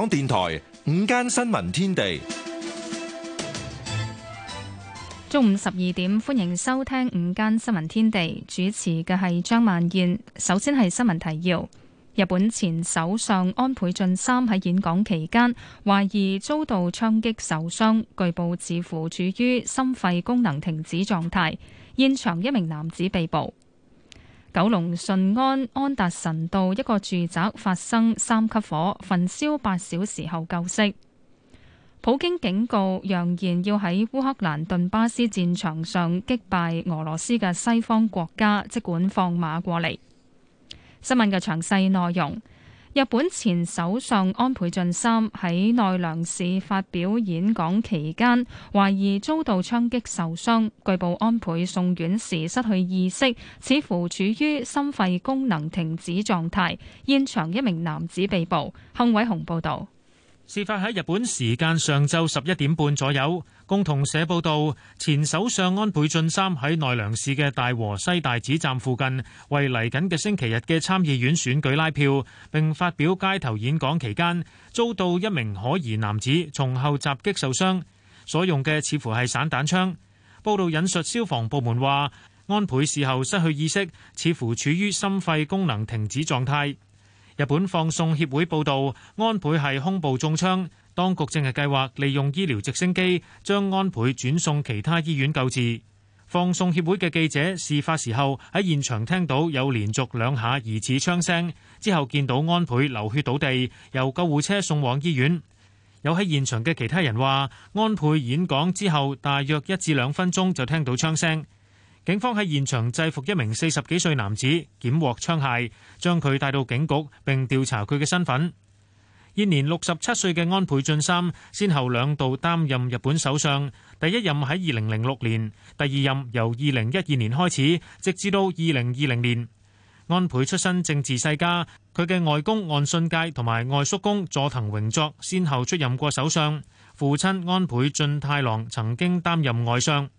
香港電台午間新聞天地，中午十二點，歡迎收聽午間新聞天地。主持嘅係張萬燕。首先係新聞提要：日本前首相安倍晉三喺演講期間懷疑遭到槍擊受傷，據報似乎處於心肺功能停止狀態。現場一名男子被捕。九龍順安安達臣道一個住宅發生三級火，焚燒八小時後救熄。普京警告，揚言要喺烏克蘭頓巴斯戰場上擊敗俄羅斯嘅西方國家，即管放馬過嚟。新聞嘅詳細內容。日本前首相安倍晉三喺奈良市發表演講期間，懷疑遭到槍擊受傷，據報安倍送院時失去意識，似乎處於心肺功能停止狀態。現場一名男子被捕。幸偉雄報道。事發喺日本時間上晝十一點半左右，共同社報道，前首相安倍晉三喺奈良市嘅大和西大寺站附近，為嚟緊嘅星期日嘅參議院選舉拉票，並發表街頭演講期間，遭到一名可疑男子從後襲擊受傷，所用嘅似乎係散彈槍。報道引述消防部門話，安倍事後失去意識，似乎處於心肺功能停止狀態。日本放送協會報道，安倍係胸部中槍，當局正係計劃利用醫療直升機將安倍轉送其他醫院救治。放送協會嘅記者事發時候喺現場聽到有連續兩下疑似槍聲，之後見到安倍流血倒地，由救護車送往醫院。有喺現場嘅其他人話，安倍演講之後大約一至兩分鐘就聽到槍聲。警方喺現場制服一名四十幾歲男子，檢獲槍械，將佢帶到警局，並調查佢嘅身份。現年六十七歲嘅安倍晉三，先後兩度擔任日本首相，第一任喺二零零六年，第二任由二零一二年開始，直至到二零二零年。安倍出身政治世家，佢嘅外公岸信介同埋外叔公佐藤榮作先後出任過首相，父親安倍晉太郎曾經擔任外相。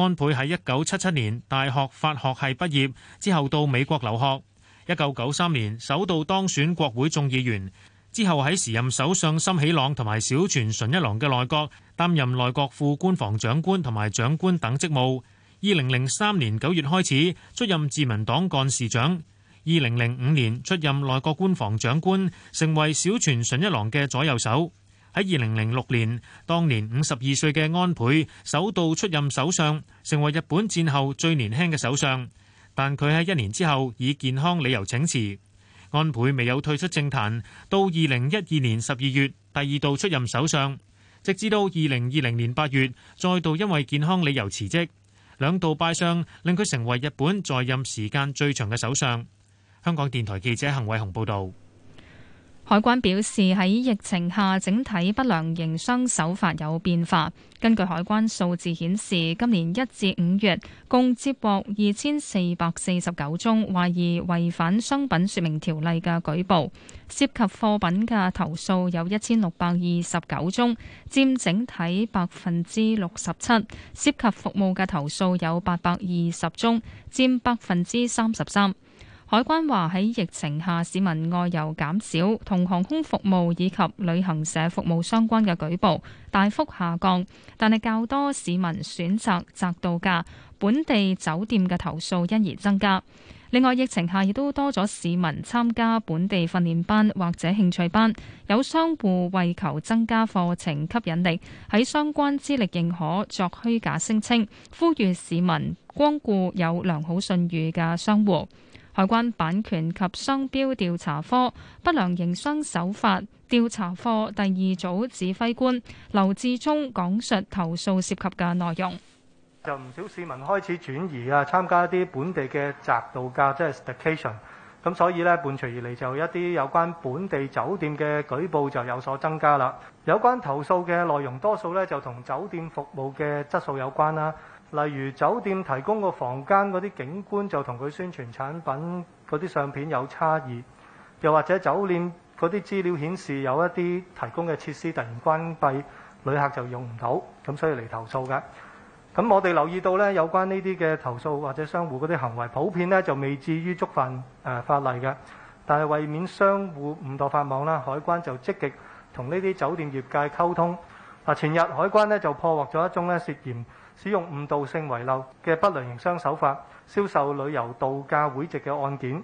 安倍喺一九七七年大學法學系畢業之後到美國留學。一九九三年首度當選國會眾議員，之後喺時任首相森喜朗同埋小泉純一郎嘅內閣擔任內閣副官房長官同埋長官等職務。二零零三年九月開始出任自民黨幹事長。二零零五年出任內閣官房長官，成為小泉純一郎嘅左右手。喺二零零六年，當年五十二歲嘅安倍首度出任首相，成為日本戰後最年輕嘅首相。但佢喺一年之後以健康理由請辭。安倍未有退出政壇，到二零一二年十二月第二度出任首相，直至到二零二零年八月再度因為健康理由辭職。兩度拜相令佢成為日本在任時間最長嘅首相。香港電台記者陳偉雄報導。海關表示喺疫情下，整體不良營商手法有變化。根據海關數字顯示，今年一至五月共接獲二千四百四十九宗懷疑違反商品說明條例嘅舉報，涉及貨品嘅投訴有一千六百二十九宗，佔整體百分之六十七；涉及服務嘅投訴有八百二十宗，佔百分之三十三。海關話喺疫情下，市民外遊減少，同航空服務以及旅行社服務相關嘅舉報大幅下降。但係較多市民選擇宅度假，本地酒店嘅投訴因而增加。另外，疫情下亦都多咗市民參加本地訓練班或者興趣班，有商戶為求增加課程吸引力，喺相關資歷認可作虛假聲稱，呼籲市民光顧有良好信譽嘅商戶。海關版權及商標調查科不良營商手法調查科第二組指揮官劉志忠講述投訴涉及嘅內容，就唔少市民開始轉移啊，參加一啲本地嘅宅度假，即係 staycation，咁所以咧伴隨而嚟就一啲有關本地酒店嘅舉報就有所增加啦。有關投訴嘅內容多，多數咧就同酒店服務嘅質素有關啦、啊。例如酒店提供個房間嗰啲景觀就同佢宣傳產品嗰啲相片有差異，又或者酒店嗰啲資料顯示有一啲提供嘅設施突然關閉，旅客就用唔到，咁所以嚟投訴噶。咁我哋留意到咧，有關呢啲嘅投訴或者商戶嗰啲行為普遍咧就未至於觸犯誒、呃、法例嘅。但係為免商戶誤墮法網啦，海關就積極同呢啲酒店業界溝通。嗱，前日海關咧就破獲咗一宗咧涉嫌。使用誤導性遺漏嘅不良營商手法銷售旅遊度假會籍嘅案件，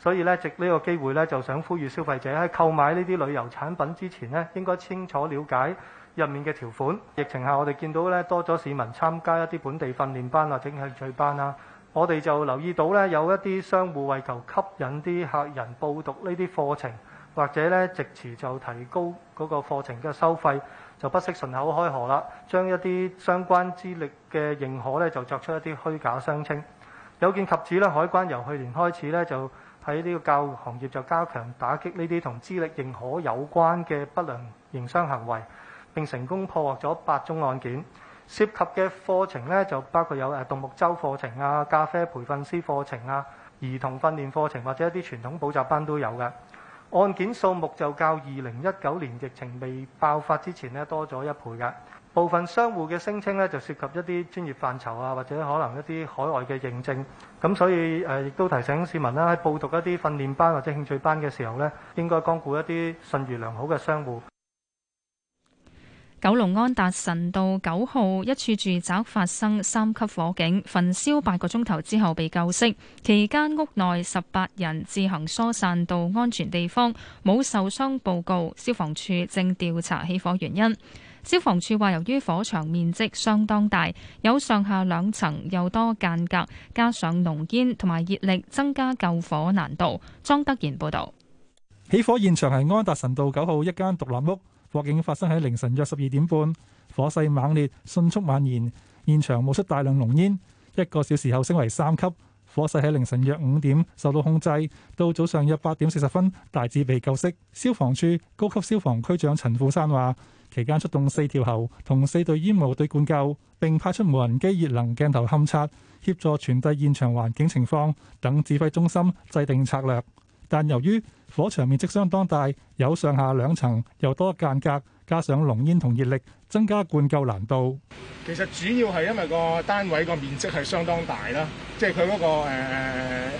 所以咧，藉呢個機會呢，就想呼籲消費者喺購買呢啲旅遊產品之前呢，應該清楚了解入面嘅條款。疫情下，我哋見到呢多咗市民參加一啲本地訓練班或者興趣班啦，我哋就留意到呢，有一啲商戶為求吸引啲客人報讀呢啲課程，或者呢直持就提高嗰個課程嘅收費。就不惜順口開河啦，將一啲相關資歷嘅認可咧，就作出一啲虛假聲稱。有見及此咧，海關由去年開始咧，就喺呢個教育行業就加強打擊呢啲同資歷認可有關嘅不良營商行為，並成功破獲咗八宗案件，涉及嘅課程咧就包括有誒獨木舟課程啊、咖啡培訓師課程啊、兒童訓練課程或者一啲傳統補習班都有嘅。案件數目就較二零一九年疫情未爆發之前咧多咗一倍㗎。部分商戶嘅聲稱咧就涉及一啲專業範疇啊，或者可能一啲海外嘅認證。咁所以誒，亦、呃、都提醒市民啦、啊，喺報讀一啲訓練班或者興趣班嘅時候咧，應該光顧一啲信譽良好嘅商戶。九龍安達臣道九號一處住宅發生三級火警，焚燒八個鐘頭之後被救熄，期間屋內十八人自行疏散到安全地方，冇受傷報告。消防處正調查起火原因。消防處話，由於火場面積相當大，有上下兩層又多間隔，加上濃煙同埋熱力，增加救火難度。莊德賢報道。起火現場係安達臣道九號一間獨立屋。火警發生喺凌晨約十二點半，火勢猛烈、迅速蔓延，現場冒出大量濃煙。一個小時後升為三級，火勢喺凌晨約五點受到控制，到早上約八點四十分大致被救熄。消防處高級消防區長陳富山話：期間出動四條喉同四隊煙霧隊灌救，並派出無人機熱能鏡頭勘測，協助傳遞現場環境情況等，指揮中心制定策略。但由於火場面積相當大，有上下兩層，又多間隔，加上濃煙同熱力，增加灌救難度。其實主要係因為個單位個面積係相當大啦，即係佢嗰個誒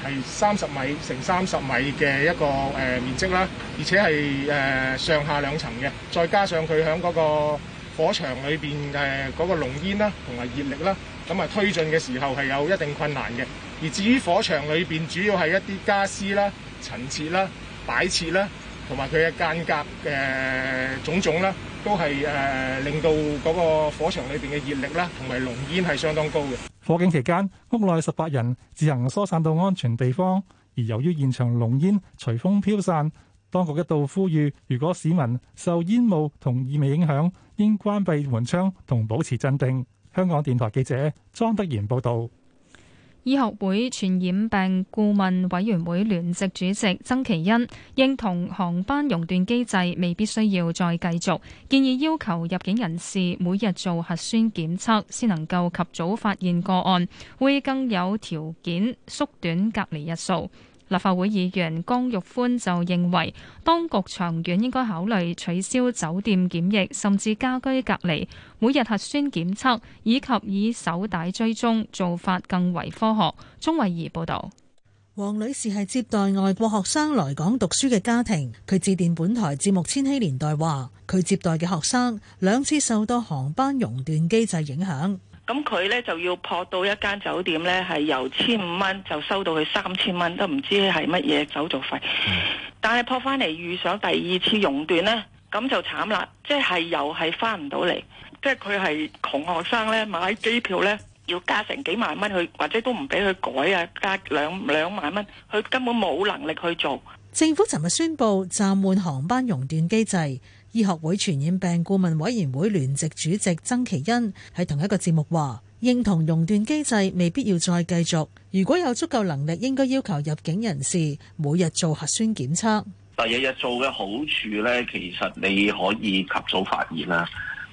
係三十米乘三十米嘅一個誒、呃、面積啦，而且係誒、呃、上下兩層嘅，再加上佢響嗰個火場裏邊嘅嗰個濃煙啦同埋熱力啦，咁啊推進嘅時候係有一定困難嘅。而至於火場裏邊，主要係一啲家俬啦。層次啦、擺設啦，同埋佢嘅間隔嘅種種啦，都係誒令到嗰個火場裏邊嘅熱力啦，同埋濃煙係相當高嘅。火警期間，屋內十八人自行疏散到安全地方，而由於現場濃煙隨風飄散，當局一度呼籲，如果市民受煙霧同異味影響，應關閉門窗同保持鎮定。香港電台記者莊德賢報道。醫學會傳染病顧問委員會聯席主席曾祈殷認同航班熔斷機制未必需要再繼續，建議要求入境人士每日做核酸檢測，先能夠及早發現個案，會更有條件縮短隔離日數。立法會議員江玉歡就認為，當局長遠應該考慮取消酒店檢疫，甚至家居隔離、每日核酸檢測以及以手帶追蹤做法，更為科學。鍾慧儀報道，王女士係接待外國學生來港讀書嘅家庭，佢致電本台節目《千禧年代》話，佢接待嘅學生兩次受到航班熔斷機制影響。咁佢咧就要撲到一間酒店咧，係由千五蚊就收到佢三千蚊，都唔知係乜嘢手續費。但係撲翻嚟遇上第二次熔斷咧，咁就慘啦，即係又係翻唔到嚟。即係佢係窮學生咧，買機票咧要加成幾萬蚊去，或者都唔俾佢改啊，加兩兩萬蚊，佢根本冇能力去做。政府尋日宣布暫緩航班熔斷機制。醫學會傳染病顧問委員會聯席主席曾祺欣喺同一個節目話，認同熔斷機制未必要再繼續。如果有足夠能力，應該要求入境人士每日做核酸檢測。第日日做嘅好處咧，其實你可以及早發現啦，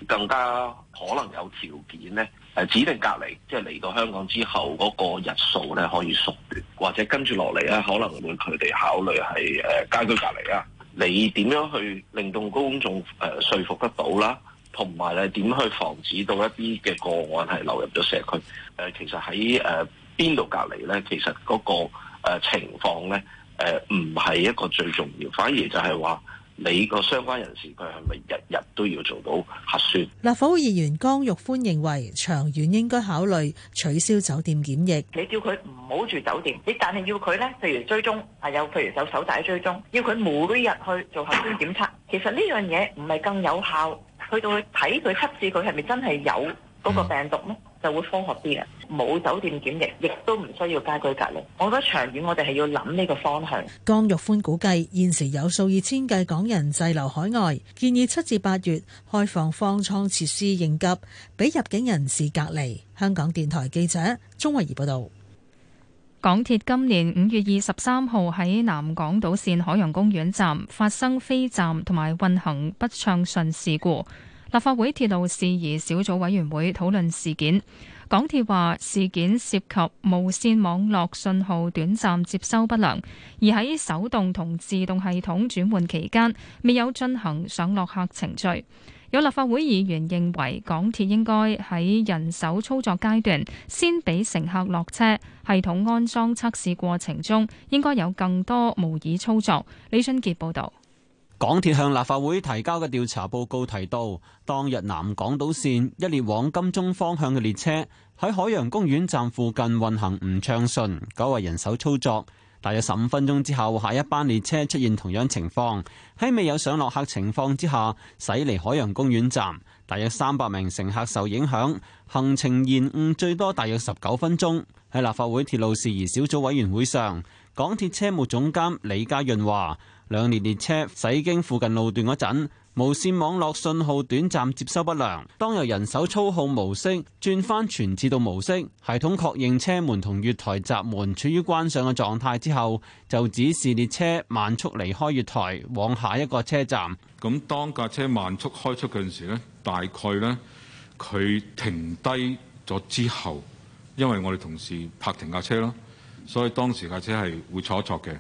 更加可能有條件咧，誒指定隔離，即係嚟到香港之後嗰個日數咧可以縮短，或者跟住落嚟咧，可能會佢哋考慮係誒家居隔離啊。你點樣去令到公眾誒説服得到啦？同埋你點去防止到一啲嘅個案係流入咗社區？誒其實喺誒邊度隔離咧，其實嗰個誒情況咧誒唔係一個最重要，反而就係話。你個相關人士佢係咪日日都要做到核酸？立法會議員江玉歡認為長遠應該考慮取消酒店檢疫。你叫佢唔好住酒店，你但係要佢咧，譬如追蹤，係、啊、有譬如有手帶追蹤，要佢每日去做核酸檢測。其實呢樣嘢唔係更有效，去到去睇去測試佢係咪真係有嗰個病毒咧？嗯。就會科學啲嘅，冇酒店檢疫，亦都唔需要家居隔離。我覺得長遠我哋係要諗呢個方向。江玉歡估計現時有數以千計港人滯留海外，建議七至八月開放方艙設施應急，俾入境人士隔離。香港電台記者鍾慧儀報道。港鐵今年五月二十三號喺南港島線海洋公園站發生飛站同埋運行不暢順事故。立法會鐵路事宜小組委員會討論事件，港鐵話事件涉及無線網絡信號短暫接收不良，而喺手動同自動系統轉換期間未有進行上落客程序。有立法會議員認為港鐵應該喺人手操作階段先俾乘客落車，系統安裝測試過程中應該有更多模擬操作。李俊傑報導。港鐵向立法會提交嘅調查報告提到，當日南港島綫一列往金鐘方向嘅列車喺海洋公園站附近運行唔暢順，改為人手操作。大約十五分鐘之後，下一班列車出現同樣情況，喺未有上落客情況之下駛離海洋公園站，大約三百名乘客受影響，行程延誤最多大約十九分鐘。喺立法會鐵路事宜小組委員會上，港鐵車務總監李家潤話。兩列列車駛經附近路段嗰陣，無線網絡信號短暫接收不良。當由人手操控模式轉翻全自動模式，系統確認車門同月台閘門處於關上嘅狀態之後，就指示列車慢速離開月台，往下一個車站。咁當架車慢速開出嗰陣時呢，大概呢，佢停低咗之後，因為我哋同事拍停架車咯，所以當時架車係會坐一坐嘅。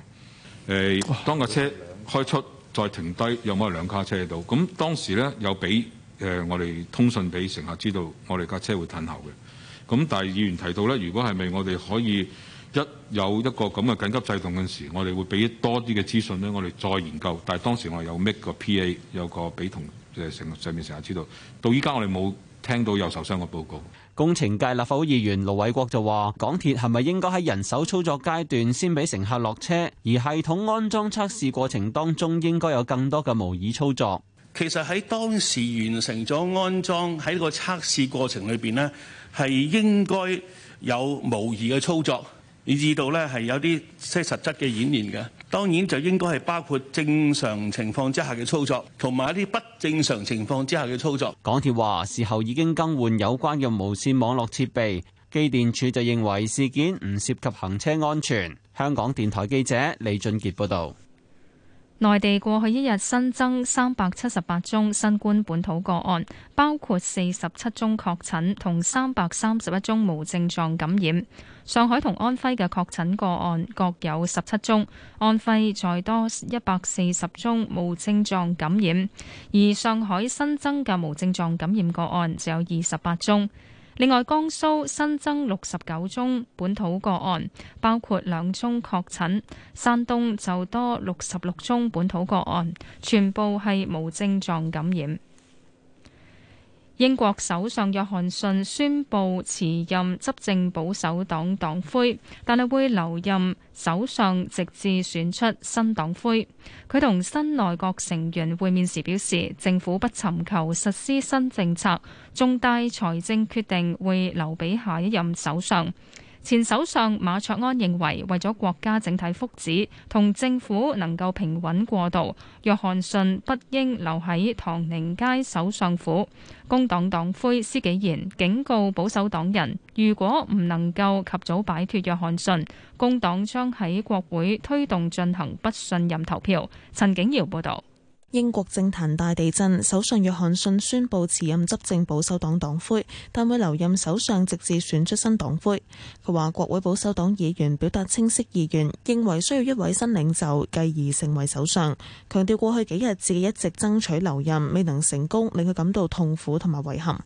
誒，當架車開出再停低，有冇兩卡車喺度。咁當時咧有俾誒、呃、我哋通訊俾乘客知道，我哋架車會褪後嘅。咁但係議員提到咧，如果係咪我哋可以一有一個咁嘅緊急制動嘅陣時，我哋會俾多啲嘅資訊咧，我哋再研究。但係當時我哋有 make 個 PA 有個俾同誒成上面乘客知道。到依家我哋冇聽到有受傷嘅報告。工程界立法會議員盧偉國就話：港鐵係咪應該喺人手操作階段先俾乘客落車？而系統安裝測試過程當中，應該有更多嘅模擬操作。其實喺當時完成咗安裝喺個測試過程裏邊咧，係應該有模擬嘅操作。你知道咧，係有啲些實質嘅演練嘅，當然就應該係包括正常情況之下嘅操作，同埋一啲不正常情況之下嘅操作。港鐵話事後已經更換有關嘅無線網絡設備，機電處就認為事件唔涉及行車安全。香港電台記者李俊傑報道。內地過去一日新增三百七十八宗新冠本土個案，包括四十七宗確診同三百三十一宗無症狀感染。上海同安徽嘅確診個案各有十七宗，安徽再多一百四十宗無症狀感染，而上海新增嘅無症狀感染個案就有二十八宗。另外，江蘇新增六十九宗本土個案，包括兩宗確診，山東就多六十六宗本土個案，全部係無症狀感染。英國首相約翰遜宣布辭任執政保守黨黨魁，但係會留任首相直至選出新黨魁。佢同新內閣成員會面時表示，政府不尋求實施新政策，重大財政決定會留畀下一任首相。前首相馬卓安認為，為咗國家整體福祉同政府能夠平穩過渡，約翰遜不應留喺唐寧街首相府。工黨黨魁施紀賢警告保守黨人，如果唔能夠及早擺脫約翰遜，工黨將喺國會推動進行不信任投票。陳景瑤報道。英國政壇大地震，首相約翰遜宣布辭任執政保守黨黨魁，但會留任首相直至選出新黨魁。佢話國會保守黨議員表達清晰意願，認為需要一位新領袖繼而成為首相。強調過去幾日自己一直爭取留任，未能成功，令佢感到痛苦同埋遺憾。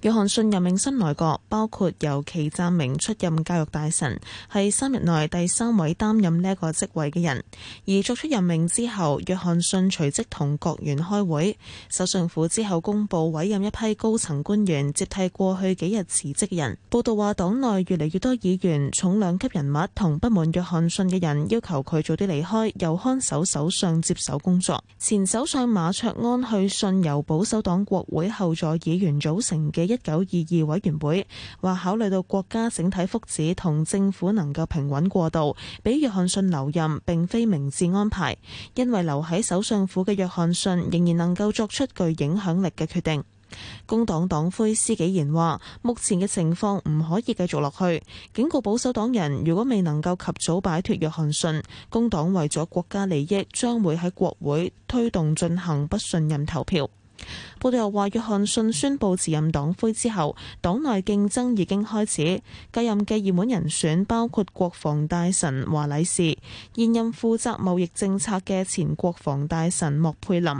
約翰遜任命新內閣，包括由祁贊明出任教育大臣，係三日內第三位擔任呢個職位嘅人。而作出任命之後，約翰遜隨即同國員開會，首相府之後公布委任一批高層官員接替過去幾日辭職嘅人。報道話黨內越嚟越多議員、重量級人物同不滿約翰遜嘅人要求佢早啲離開，由看守首相接手工作。前首相馬卓安去信由保守黨國會後座議員組成嘅一九二二委員會話，考慮到國家整體福祉同政府能夠平穩過渡，俾約翰遜留任並非明智安排，因為留喺首相府嘅約翰遜仍然能夠作出具影響力嘅決定。工黨黨魁施紀賢話，目前嘅情況唔可以繼續落去，警告保守黨人如果未能夠及早擺脫約翰遜，工黨為咗國家利益將會喺國會推動進行不信任投票。報道又話，約翰遜宣布辭任黨魁之後，黨內競爭已經開始。繼任嘅熱門人選包括國防大臣華禮士、現任負責貿易政策嘅前國防大臣莫佩林、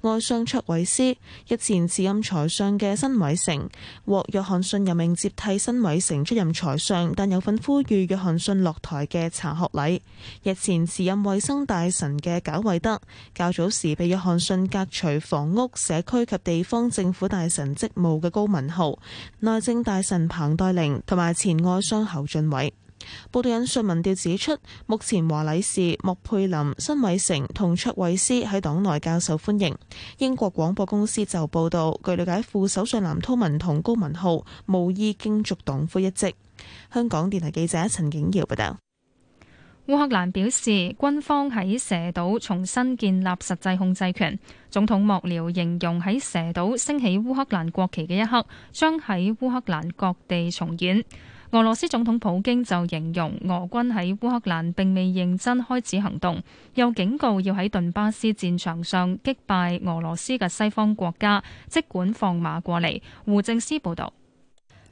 外相卓慧思、日前辭任財相嘅辛偉誠，獲約翰遜任命接替辛偉誠出任財相，但有份呼籲約翰遜落台嘅查學禮，日前辭任衛生大臣嘅賈偉德，較早時被約翰遜革除房屋社區及地方政府大臣職務嘅高文浩、內政大臣彭黛玲同埋前外相侯俊偉。報導引述民調指出，目前華禮士、莫佩林、辛偉成同卓慧思喺黨內較受歡迎。英國廣播公司就報道，據了解，副首相藍韜文同高文浩無意競逐黨魁一職。香港電台記者陳景瑤報道。烏克蘭表示軍方喺蛇島重新建立實際控制權總統幕僚形容喺蛇島升起烏克蘭國旗嘅一刻，將喺烏克蘭各地重演。俄羅斯總統普京就形容俄軍喺烏克蘭並未認真開始行動又警告要喺頓巴斯戰場上擊敗俄羅斯嘅西方國家，即管放馬過嚟。胡政思報道。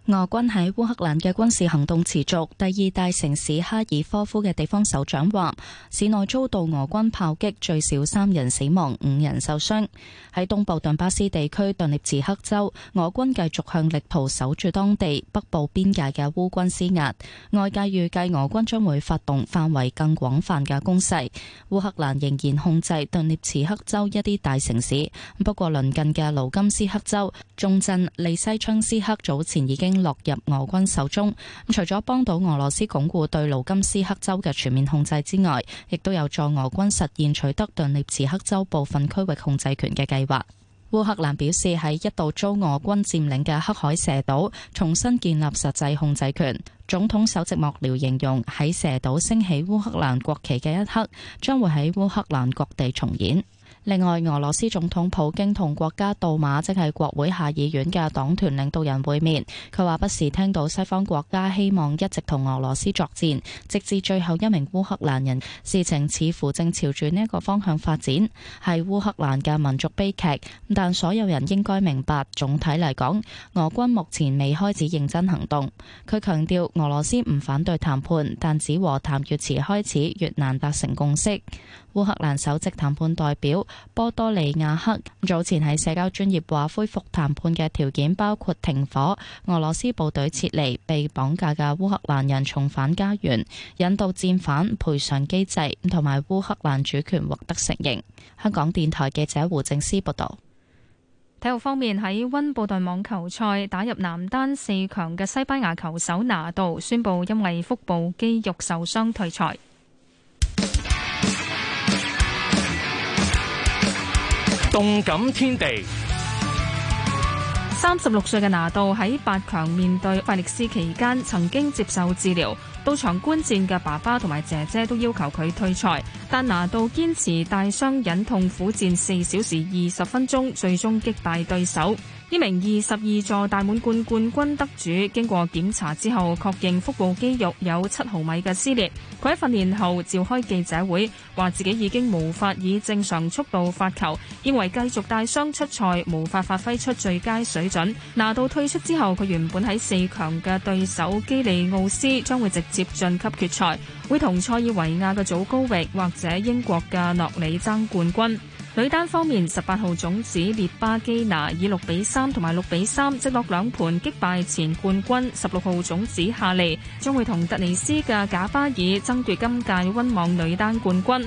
俄軍喺烏克蘭嘅軍事行動持續。第二大城市哈爾科夫嘅地方首長話，市內遭到俄軍炮擊，最少三人死亡，五人受傷。喺東部頓巴斯地區頓涅茨克州，俄軍繼續向力圖守住當地北部邊界嘅烏軍施壓。外界預計俄軍將會發動範圍更廣泛嘅攻勢。烏克蘭仍然控制頓涅茨克州一啲大城市，不過鄰近嘅盧甘斯克州重鎮利西昌斯克早前已經落入俄軍手中。除咗幫到俄羅斯鞏固對盧甘斯克州嘅全面控制之外，亦都有助俄軍實現取得頓涅茨克州部分區域控制權嘅計劃。烏克蘭表示，喺一度遭俄軍佔領嘅黑海蛇島重新建立實際控制權。總統首席幕僚形容，喺蛇島升起烏克蘭國旗嘅一刻，將會喺烏克蘭各地重演。另外，俄羅斯總統普京同國家杜馬即係國會下議院嘅黨團領導人會面。佢話不時聽到西方國家希望一直同俄羅斯作戰，直至最後一名烏克蘭人。事情似乎正朝住呢一個方向發展，係烏克蘭嘅民族悲劇，但所有人應該明白，總體嚟講，俄軍目前未開始認真行動。佢強調俄羅斯唔反對談判，但只和談越遲開始，越難達成共識。烏克蘭首席談判代表波多利亞克早前喺社交專業話，恢復談判嘅條件包括停火、俄羅斯部隊撤離、被綁架嘅烏克蘭人重返家園、引渡戰犯、賠償機制，同埋烏克蘭主權獲得承認。香港電台記者胡正思報道。體育方面，喺温布頓網球賽打入男單四強嘅西班牙球手拿度宣布因為腹部肌肉受傷退賽。動感天地。三十六歲嘅拿度喺八強面對費力斯期間，曾經接受治療。到場觀戰嘅爸爸同埋姐姐都要求佢退賽，但拿度堅持帶傷忍痛苦戰四小時二十分鐘，最終擊敗對手。呢名二十二座大滿貫冠軍得主，經過檢查之後確認腹部肌肉有七毫米嘅撕裂。佢喺訓練後召開記者會，話自己已經無法以正常速度發球，認為繼續帶傷出賽無法發揮出最佳水準，拿到退出之後，佢原本喺四強嘅對手基利奧斯將會直接晉級決賽，會同塞爾維亞嘅祖高域或者英國嘅諾里爭冠軍。女單方面，十八號種子列巴基娜以六比三同埋六比三直落兩盤擊敗前冠軍十六號種子夏利，將會同突尼斯嘅賈巴爾爭奪今屆溫網女單冠軍。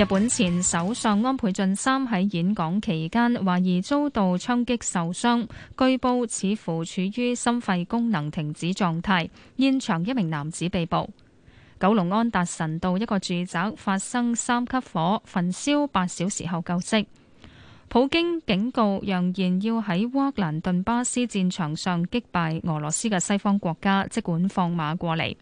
日本前首相安倍晉三喺演講期間懷疑遭到槍擊受傷，據報似乎處於心肺功能停止狀態。現場一名男子被捕。九龍安達臣道一個住宅發生三級火，焚燒八小時後救熄。普京警告，揚言要喺烏克蘭頓巴斯戰場上擊敗俄羅斯嘅西方國家，即管放馬過嚟。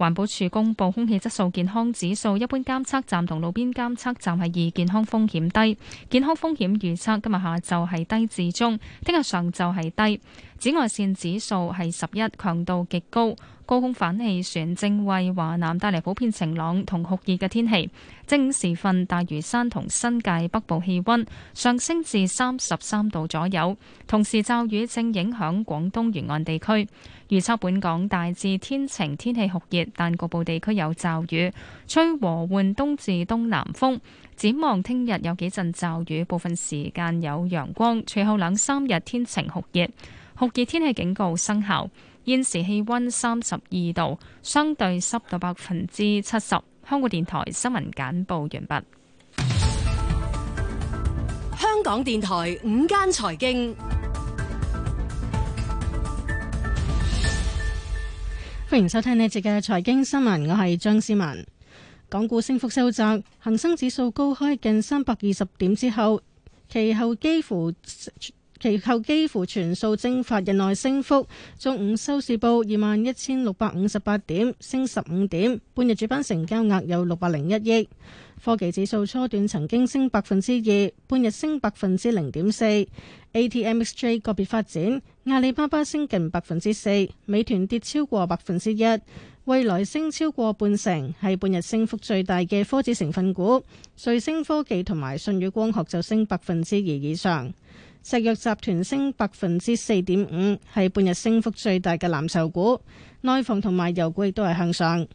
環保署公布空氣質素健康指數，一般監測站同路邊監測站係二，健康風險低。健康風險預測今日下晝係低至中，聽日上晝係低。紫外線指數係十一，強度極高。高空反氣旋正為華南帶嚟普遍晴朗同酷熱嘅天氣。正午時分，大嶼山同新界北部氣温上升至三十三度左右。同時，驟雨正影響廣東沿岸地區。預測本港大致天晴，天氣酷熱，但局部地區有驟雨，吹和緩東至東南風。展望聽日有幾陣驟雨，部分時間有陽光。隨後兩三日天晴酷熱。酷熱天氣警告生效，現時氣溫三十二度，相對濕度百分之七十。香港電台新聞簡報完畢。香港電台午間財經，歡迎收聽呢一節嘅財經新聞，我係張思文。港股升幅收窄，恒生指數高開近三百二十點之後，其後幾乎。其後幾乎全數蒸發，日內升幅，中午收市報二萬一千六百五十八點，升十五點。半日主板成交額有六百零一億。科技指數初段曾經升百分之二，半日升百分之零點四。ATMXJ 個別發展，阿里巴巴升近百分之四，美團跌超過百分之一，蔚來升超過半成，係半日升幅最大嘅科指成分股。瑞聲科技同埋信宇光學就升百分之二以上。石藥集團升百分之四點五，係半日升幅最大嘅藍籌股。內房同埋油股亦都係向上，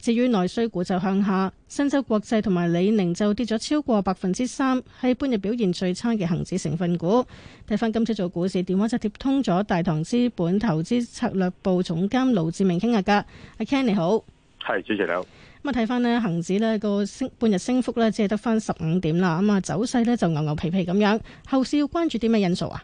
至於內需股就向下。申洲國際同埋李寧就跌咗超過百分之三，係半日表現最差嘅恒指成分股。睇返今次做股市，電話就接通咗大唐資本投資策略部總監盧志明傾下偈。阿、啊、Ken 你好，係，主席你好。咁睇翻咧，恒指咧個升半日升幅咧，只係得翻十五點啦。咁啊，走勢咧就牛牛皮皮咁樣。後市要關注啲咩因素啊？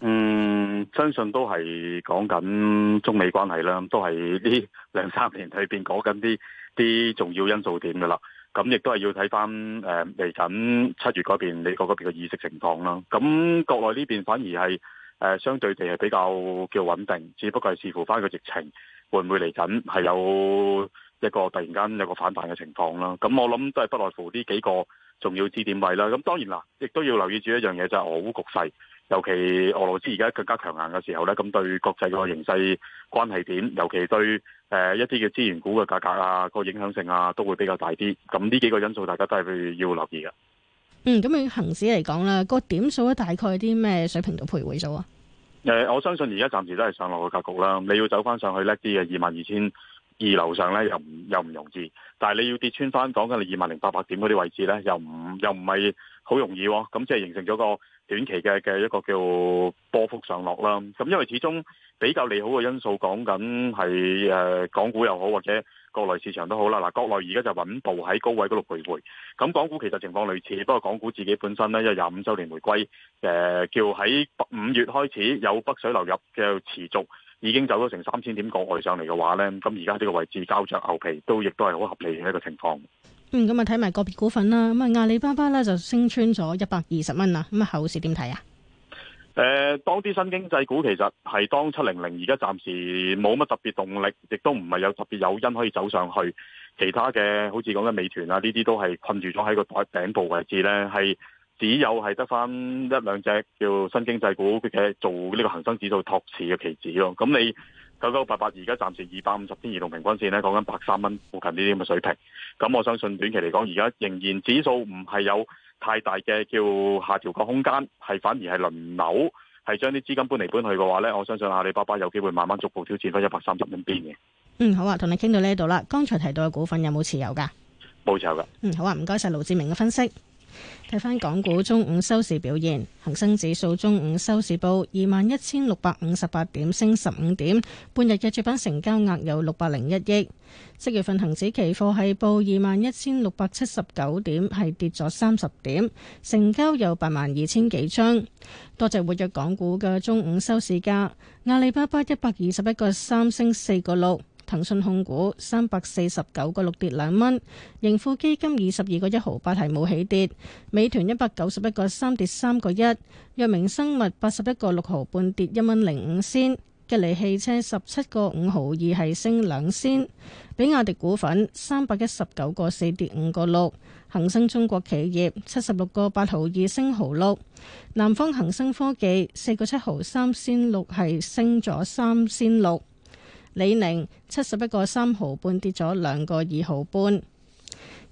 嗯，相信都係講緊中美關係啦，都係呢兩三年裏邊講緊啲啲重要因素點噶啦。咁、嗯、亦都係要睇翻誒嚟緊七月嗰邊美國嗰邊嘅議息情況啦。咁、嗯、國內呢邊反而係誒、呃、相對地係比較叫穩定，只不過係視乎翻個疫情會唔會嚟緊，係有，一個突然間有個反彈嘅情況啦，咁我諗都係不外乎呢幾個重要支點位啦。咁當然啦，亦都要留意住一樣嘢，就係、是、俄烏局勢，尤其俄羅斯而家更加強硬嘅時候咧，咁對國際個形勢關係點，尤其對誒一啲嘅資源股嘅價格啊、個影響性啊，都會比較大啲。咁呢幾個因素，大家都係要留意嘅、嗯。嗯，咁你恒指嚟講咧，個點數咧，大概啲咩水平度徘徊咗啊？誒、呃，我相信而家暫時都係上落嘅格局啦。你要走翻上去叻啲嘅二萬二千。22, 二樓上咧又唔又唔容易，但係你要跌穿翻講緊你二萬零八百點嗰啲位置咧，又唔又唔係好容易喎、哦。咁即係形成咗個短期嘅嘅一個叫波幅上落啦。咁因為始終比較利好嘅因素講緊係誒港股又好，或者國內市場都好啦。嗱，國內而家就穩步喺高位嗰度徘徊。咁港股其實情況類似，不過港股自己本身咧，因為廿五週年回歸誒、呃，叫喺五月開始有北水流入嘅持續。已經走咗成三千點港外上嚟嘅話呢，咁而家呢個位置交着牛皮，都亦都係好合理嘅一個情況。嗯，咁啊睇埋個別股份啦，咁啊阿里巴巴呢就升穿咗一百二十蚊啊，咁啊後市點睇啊？誒、呃，當啲新經濟股其實係當七零零，而家暫時冇乜特別動力，亦都唔係有特別有因可以走上去。其他嘅好似講緊美團啊呢啲都係困住咗喺個頂部位置呢。係。只有係得翻一兩隻叫新經濟股，佢哋做呢個恒生指數托市嘅期指咯。咁你九九八八而家暫時二百五十天移動平均線呢，講緊百三蚊附近呢啲咁嘅水平。咁我相信短期嚟講，而家仍然指數唔係有太大嘅叫下調嘅空間，係反而係輪流係將啲資金搬嚟搬去嘅話呢，我相信阿里巴巴有機會慢慢逐步挑戰翻一百三十蚊邊嘅。嗯，好啊，同你傾到呢度啦。剛才提到嘅股份有冇持有噶？冇持有噶。嗯，好啊，唔該晒盧志明嘅分析。睇返港股中午收市表現，恒生指數中午收市報二萬一千六百五十八點，升十五點。半日嘅主板成交額有六百零一億。七月份恒指期貨係報二萬一千六百七十九點，係跌咗三十點，成交有八萬二千幾張。多隻活躍港股嘅中午收市價，阿里巴巴一百二十一個三升四個六。騰訊控股三百四十九個六跌兩蚊，盈富基金二十二個一毫八係冇起跌，美團一百九十一個三跌三個一，藥明生物八十一個六毫半跌一蚊零五仙，吉利汽車十七個五毫二係升兩仙，比亞迪股份三百一十九個四跌五個六，恒生中國企業七十六個八毫二升毫六，南方恒生科技四個七毫三仙六係升咗三仙六。李寧七十一個三毫半跌咗兩個二毫半。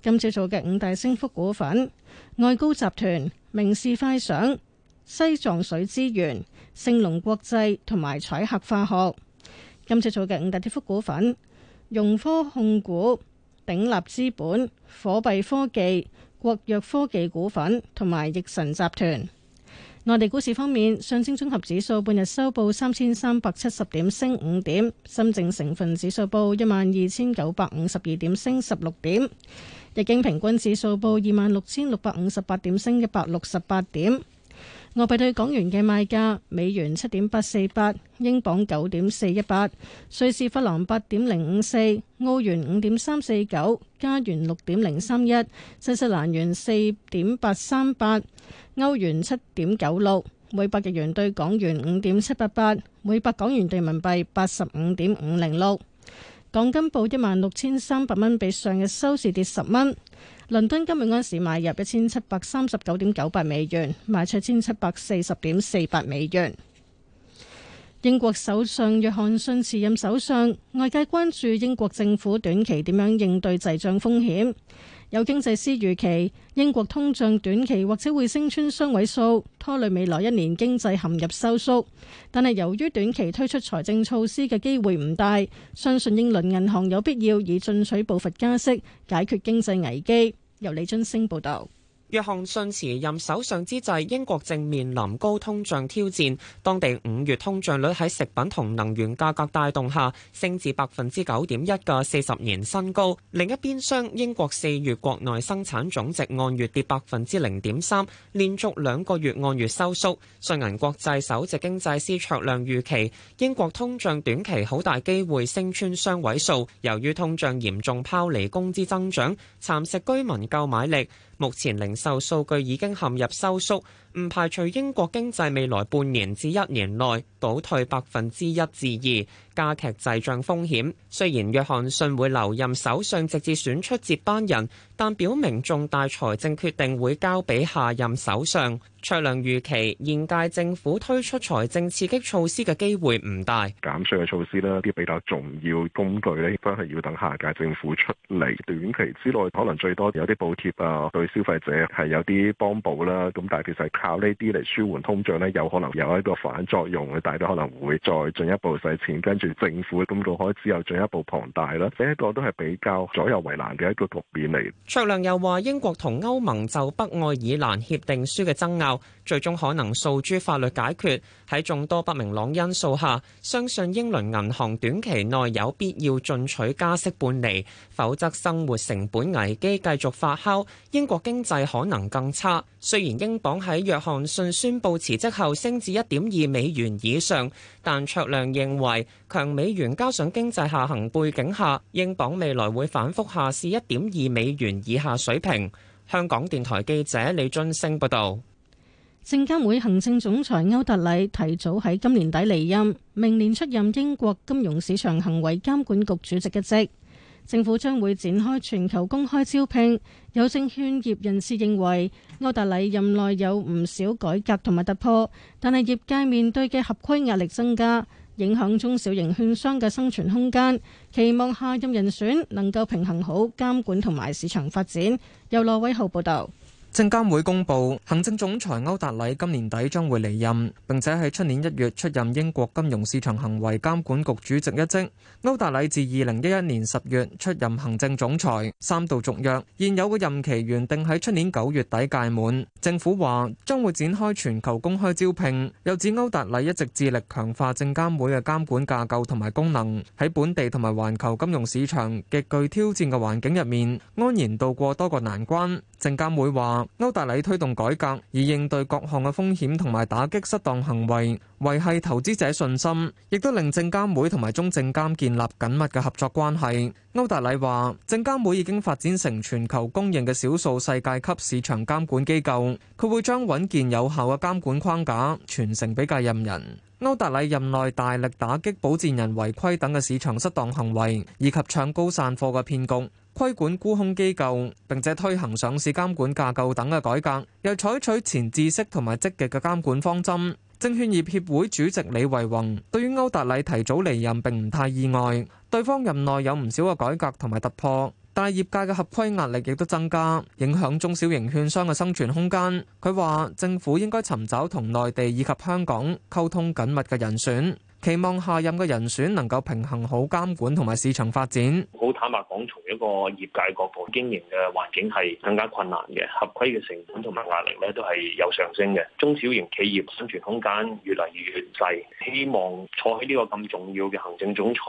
今朝早嘅五大升幅股份：愛高集團、名仕快想、西藏水資源、聖龍國際同埋彩客化學。今朝早嘅五大跌幅股份：融科控股、鼎立資本、火幣科技、國藥科技股份同埋易神集團。內地股市方面，上證綜合指數半日收報三千三百七十點，升五點；深證成分指數報一萬二千九百五十二點，升十六點；日經平均指數報二萬六千六百五十八點，升一百六十八點。外幣對港元嘅賣價：美元七點八四八，英鎊九點四一八，瑞士法郎八點零五四，澳元五點三四九，加元六點零三一，新西蘭元四點八三八。歐元七點九六，每百日元對港元五點七八八，每百港元兌人民幣八十五點五零六。港金報一萬六千三百蚊，比上日收市跌十蚊。倫敦金每盎司買入一千七百三十九點九八美元，賣出一千七百四十點四八美元。英國首相約翰遜辭任首相，外界關注英國政府短期點樣應對滯脹風險。有經濟師預期，英國通脹短期或者會升穿雙位數，拖累未來一年經濟陷入收縮。但係由於短期推出財政措施嘅機會唔大，相信英倫銀行有必要以進取步伐加息，解決經濟危機。由李津升報道。約翰遜辭任首相之際，英國正面臨高通脹挑戰。當地五月通脹率喺食品同能源價格帶動下升至百分之九點一嘅四十年新高。另一邊廂，英國四月國內生產總值按月跌百分之零點三，連續兩個月按月收縮。瑞銀國際首席經濟師卓亮預期，英國通脹短期好大機會升穿雙位數，由於通脹嚴重拋離工資增長，蠶食居民購買力。目前零售數據已經陷入收縮，唔排除英國經濟未來半年至一年內倒退百分之一至二，加劇滯脹風險，雖然約翰遜會留任首相，直至選出接班人。但表明重大財政決定會交俾下任首相。卓良預期現屆政府推出財政刺激措施嘅機會唔大。減稅嘅措施咧，啲比較重要工具咧，都係要等下屆政府出嚟。短期之內可能最多有啲補貼啊，對消費者係有啲幫補啦。咁但係其實靠呢啲嚟舒緩通脹咧，有可能有一個反作用嘅，但係都可能會再進一步使錢，跟住政府嘅金庫開始又進一步龐大啦。這一個都係比較左右為難嘅一個局面嚟。卓亮又話，英國同歐盟就北愛爾蘭協定書嘅爭拗，最終可能訴諸法律解決。喺眾多不明朗因素下，相信英倫銀行短期內有必要進取加息半釐，否則生活成本危機繼續發酵，英國經濟可能更差。雖然英鎊喺約翰遜宣布辭職後升至一點二美元以上，但卓亮認為強美元加上經濟下行背景下，英鎊未來會反覆下試一點二美元以下水平。香港電台記者李津升報導。證監會行政總裁歐達禮提早喺今年底離任，明年出任英國金融市場行為監管局主席一職。政府將會展開全球公開招聘。有證券業人士認為，歐達禮任內有唔少改革同埋突破，但係業界面對嘅合規壓力增加，影響中小型券商嘅生存空間。期望下任人選能夠平衡好監管同埋市場發展。由羅偉浩報道。證監會公布，行政總裁歐達禮今年底將會離任，並且喺出年一月出任英國金融市場行為監管局主席一職。歐達禮自二零一一年十月出任行政總裁，三度續約，現有嘅任期原定喺出年九月底屆滿。政府話將會展開全球公開招聘，又指歐達禮一直致力強化證監會嘅監管架構同埋功能。喺本地同埋環球金融市場極具挑戰嘅環境入面，安然度過多個難關。證監會話，歐達禮推動改革，以應對各項嘅風險同埋打擊失當行為，維繫投資者信心，亦都令證監會同埋中證監建立緊密嘅合作關係。歐達禮話，證監會已經發展成全球公認嘅少數世界級市場監管機構，佢會將穩健有效嘅監管框架傳承俾繼任人。歐達禮任內大力打擊保薦人違規等嘅市場失當行為，以及唱高散貨嘅騙局。規管沽空機構，並且推行上市監管架構等嘅改革，又採取前置式同埋積極嘅監管方針。證券業協會主席李惠榮對於歐達禮提早離任並唔太意外，對方任內有唔少嘅改革同埋突破，但係業界嘅合規壓力亦都增加，影響中小型券商嘅生存空間。佢話政府應該尋找同內地以及香港溝通緊密嘅人選。期望下任嘅人選能夠平衡好監管同埋市場發展。好坦白講，從一個業界角度經營嘅環境係更加困難嘅，合規嘅成本同埋壓力咧都係有上升嘅。中小型企業生存空間越嚟越細。希望坐喺呢個咁重要嘅行政總裁，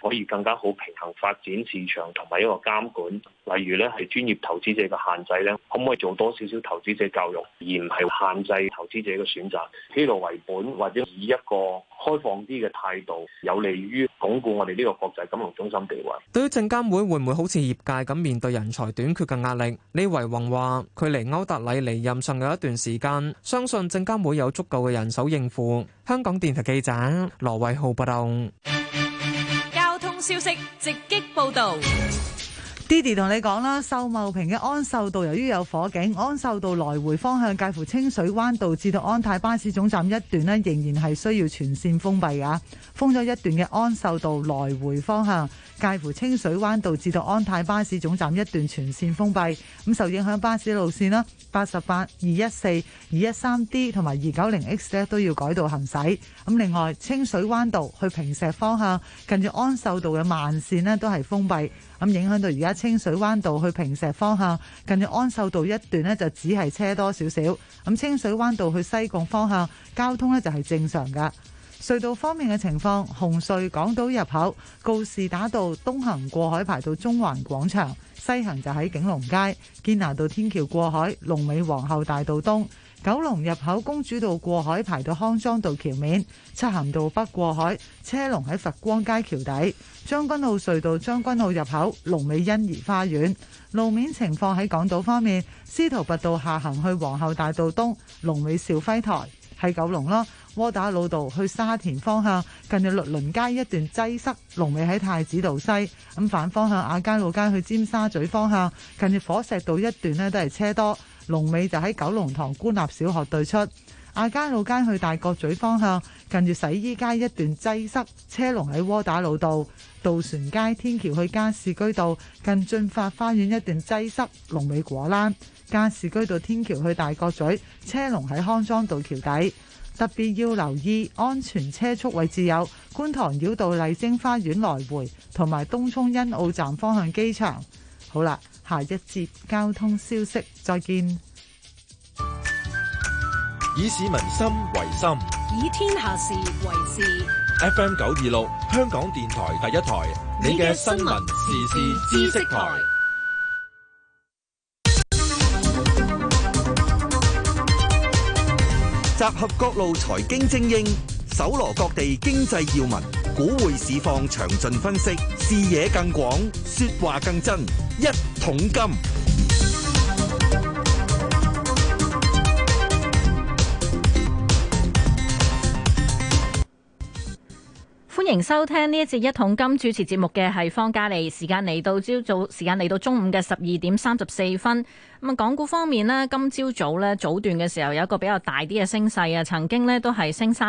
可以更加好平衡發展市場同埋一個監管。例如咧，係專業投資者嘅限制咧，可唔可以做多少少投資者教育，而唔係限制投資者嘅選擇？披露為本，或者以一個。開放啲嘅態度有利於鞏固我哋呢個國際金融中心地位。對於證監會會唔會好似業界咁面對人才短缺嘅壓力，李維宏話：距離歐達禮離任尚有一段時間，相信證監會有足夠嘅人手應付。香港電台記者羅偉浩報道。交通消息直擊報道。Didi 同你講啦，秀茂坪嘅安秀道由於有火警，安秀道來回方向介乎清水灣道至到安泰巴士總站一段咧，仍然係需要全線封閉嘅。封咗一段嘅安秀道來回方向介乎清水灣道至到安泰巴士總站一段全線封閉。咁受影響巴士路線啦，八十八、二一四、二一三 D 同埋二九零 X 咧都要改道行駛。咁另外清水灣道去坪石方向近住安秀道嘅慢線咧都係封閉。咁影響到而家清水灣道去坪石方向，近住安秀道一段呢，就只係車多少少。咁清水灣道去西貢方向交通呢就係正常嘅。隧道方面嘅情況，紅隧港島入口告士打道東行過海排到中環廣場，西行就喺景隆街堅拿道天橋過海，龍尾皇后大道東。九龍入口公主道過海排到康莊道橋面，漆咸道北過海車龍喺佛光街橋底，將軍澳隧道將軍澳入口龍尾欣怡花園。路面情況，喺港島方面，司徒拔道下行去皇后大道東龍尾兆輝台喺九龍咯，窩打老道去沙田方向近住律倫街一段擠塞，龍尾喺太子道西，咁反方向亞皆老街去尖沙咀方向近住火石道一段呢都係車多。龍尾就喺九龍塘官立小學對出，亞皆老街去大角咀方向近住洗衣街一段擠塞，車龍喺窩打老道，渡船街天橋去加士居道近駿發花園一段擠塞，龍尾果欄，加士居道天橋去大角咀車龍喺康莊道橋底，特別要留意安全車速位置有觀塘繞道麗晶花園來回同埋東涌欣澳站方向機場。好啦，下一節交通消息，再見。以市民心為心，以天下事為事。FM 九二六，香港電台第一台，你嘅新聞時事知識台，集合各路財經精英，搜羅各地經濟要聞，股匯市況詳盡分析。視野更廣，說話更真。一桶金，歡迎收聽呢一節一桶金主持節目嘅係方嘉莉。時間嚟到朝早，時間嚟到中午嘅十二點三十四分。咁啊，港股方面咧，今朝早咧早，早段嘅時候有一個比較大啲嘅升勢啊，曾經咧都係升三。